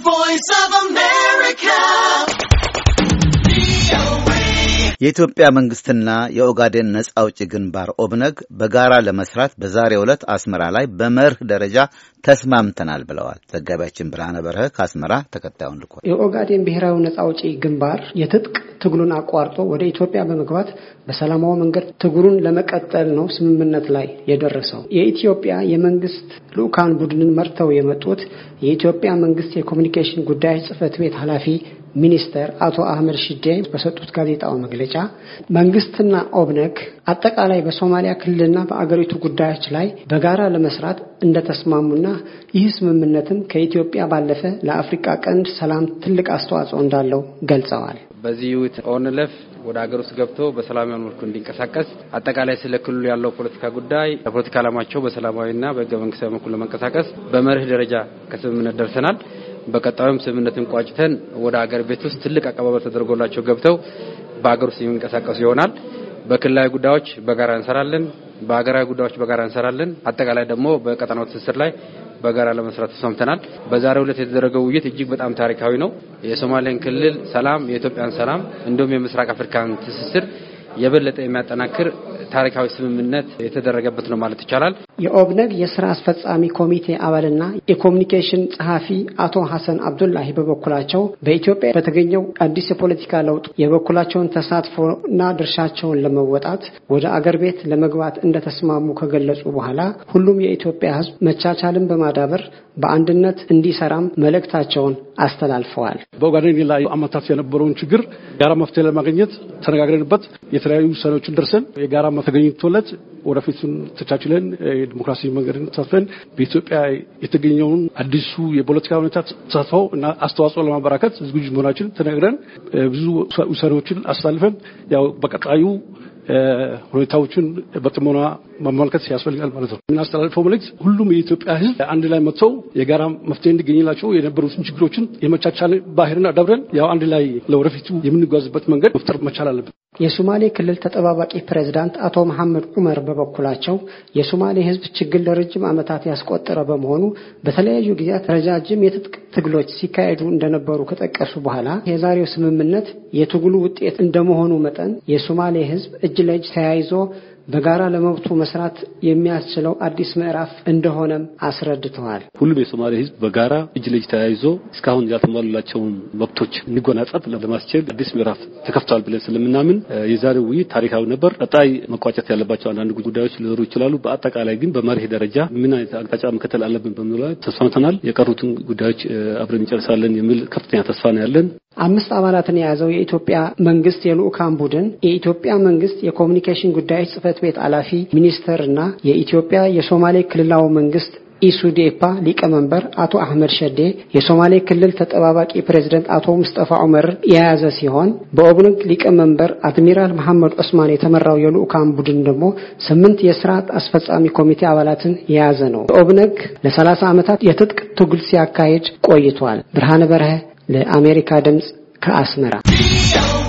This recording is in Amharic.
voice of a man. የኢትዮጵያ መንግስትና የኦጋዴን ነጻ አውጪ ግንባር ኦብነግ በጋራ ለመስራት በዛሬው ዕለት አስመራ ላይ በመርህ ደረጃ ተስማምተናል ብለዋል። ዘጋቢያችን ብርሃነ በረሀ ከአስመራ ተከታዩን ልኮ የኦጋዴን ብሔራዊ ነጻ አውጪ ግንባር የትጥቅ ትግሉን አቋርጦ ወደ ኢትዮጵያ በመግባት በሰላማዊ መንገድ ትግሉን ለመቀጠል ነው ስምምነት ላይ የደረሰው። የኢትዮጵያ የመንግስት ልዑካን ቡድንን መርተው የመጡት የኢትዮጵያ መንግስት የኮሚኒኬሽን ጉዳዮች ጽህፈት ቤት ኃላፊ ሚኒስተር አቶ አህመድ ሽዴ በሰጡት ጋዜጣዊ መግለጫ መንግስትና ኦብነግ አጠቃላይ በሶማሊያ ክልልና በአገሪቱ ጉዳዮች ላይ በጋራ ለመስራት እንደተስማሙና ይህ ስምምነትም ከኢትዮጵያ ባለፈ ለአፍሪቃ ቀንድ ሰላም ትልቅ አስተዋጽኦ እንዳለው ገልጸዋል። በዚህ ኦንለፍ ወደ ሀገር ውስጥ ገብቶ በሰላማዊ መልኩ እንዲንቀሳቀስ አጠቃላይ ስለ ክልሉ ያለው ፖለቲካ ጉዳይ ለፖለቲካ ዓላማቸው በሰላማዊና በህገ መንግስታዊ መልኩ ለመንቀሳቀስ በመርህ ደረጃ ከስምምነት ደርሰናል። በቀጣዩም ስምምነትን ቋጭተን ወደ ሀገር ቤት ውስጥ ትልቅ አቀባበል ተደርጎላቸው ገብተው በሀገር ውስጥ የሚንቀሳቀሱ ይሆናል። በክልላዊ ጉዳዮች በጋራ እንሰራለን። በሀገራዊ ጉዳዮች በጋራ እንሰራለን። አጠቃላይ ደግሞ በቀጠናው ትስስር ላይ በጋራ ለመስራት ተስማምተናል። በዛሬው ዕለት የተደረገው ውይይት እጅግ በጣም ታሪካዊ ነው። የሶማሌን ክልል ሰላም፣ የኢትዮጵያን ሰላም እንዲሁም የምስራቅ አፍሪካን ትስስር የበለጠ የሚያጠናክር ታሪካዊ ስምምነት የተደረገበት ነው ማለት ይቻላል። የኦብነግ የስራ አስፈጻሚ ኮሚቴ አባልና የኮሚኒኬሽን ጸሐፊ አቶ ሐሰን አብዱላሂ በበኩላቸው በኢትዮጵያ በተገኘው አዲስ የፖለቲካ ለውጥ የበኩላቸውን ተሳትፎና ድርሻቸውን ለመወጣት ወደ አገር ቤት ለመግባት እንደተስማሙ ከገለጹ በኋላ ሁሉም የኢትዮጵያ ሕዝብ መቻቻልን በማዳበር በአንድነት እንዲሰራም መልእክታቸውን አስተላልፈዋል። በኦጋዴን ላይ አመታት የነበረውን ችግር ጋራ መፍትሄ ለማግኘት ተነጋግረንበት የተለያዩ ውሳኔዎችን ደርሰን የጋራ ተገኝቶለት ወደፊቱን ተቻችለን የዲሞክራሲ መንገድ ተሳትፈን በኢትዮጵያ የተገኘውን አዲሱ የፖለቲካ ሁኔታ ተሳትፈው እና አስተዋጽኦ ለማበራከት ዝግጁ መሆናችን ተነግረን ብዙ ውሳኔዎችን አሳልፈን ያው በቀጣዩ ሁኔታዎቹን በጥሞና መመልከት ያስፈልጋል ማለት ነው። የምናስተላልፈው መልእክት ሁሉም የኢትዮጵያ ሕዝብ አንድ ላይ መጥተው የጋራ መፍትሄ እንዲገኝላቸው የነበሩትን ችግሮችን የመቻቻል ባህርን አዳብረን ያው አንድ ላይ ለወደፊቱ የምንጓዝበት መንገድ መፍጠር መቻል አለብን። የሶማሌ ክልል ተጠባባቂ ፕሬዝዳንት አቶ መሐመድ ዑመር በበኩላቸው የሶማሌ ሕዝብ ችግር ለረጅም ዓመታት ያስቆጠረ በመሆኑ በተለያዩ ጊዜያት ረጃጅም የትጥቅ ትግሎች ሲካሄዱ እንደነበሩ ከጠቀሱ በኋላ የዛሬው ስምምነት የትግሉ ውጤት እንደመሆኑ መጠን የሶማሌ ሕዝብ እጅ ለእጅ ተያይዞ በጋራ ለመብቱ መስራት የሚያስችለው አዲስ ምዕራፍ እንደሆነም አስረድተዋል። ሁሉም የሶማሌ ህዝብ በጋራ እጅ ለእጅ ተያይዞ እስካሁን ያልተሟሉላቸውን መብቶች እንዲጎናጸፍ ለማስችል አዲስ ምዕራፍ ተከፍቷል ብለን ስለምናምን የዛሬው ውይይት ታሪካዊ ነበር። ቀጣይ መቋጨት ያለባቸው አንዳንድ ጉዳዮች ሊኖሩ ይችላሉ። በአጠቃላይ ግን በመርህ ደረጃ ምን አይነት አቅጣጫ መከተል አለብን በሚለው ላይ ተስማምተናል። የቀሩትን ጉዳዮች አብረን እንጨርሳለን የሚል ከፍተኛ ተስፋ ነው ያለን። አምስት አባላትን የያዘው የኢትዮጵያ መንግስት የልዑካን ቡድን የኢትዮጵያ መንግስት የኮሚኒኬሽን ጉዳዮች ጽህፈት ቤት ኃላፊ ሚኒስተርና የኢትዮጵያ የሶማሌ ክልላዊ መንግስት ኢሱዴፓ ሊቀመንበር አቶ አህመድ ሸዴ የሶማሌ ክልል ተጠባባቂ ፕሬዝደንት አቶ ሙስጠፋ ዑመር የያዘ ሲሆን በኦብነግ ሊቀመንበር አድሚራል መሐመድ ዑስማን የተመራው የልዑካን ቡድን ደግሞ ስምንት የስርዓት አስፈጻሚ ኮሚቴ አባላትን የያዘ ነው። ኦብነግ ለሰላሳ ዓመታት የትጥቅ ትግል ሲያካሄድ ቆይቷል። ብርሃነ በረሀ ለአሜሪካ ድምፅ ከአስመራ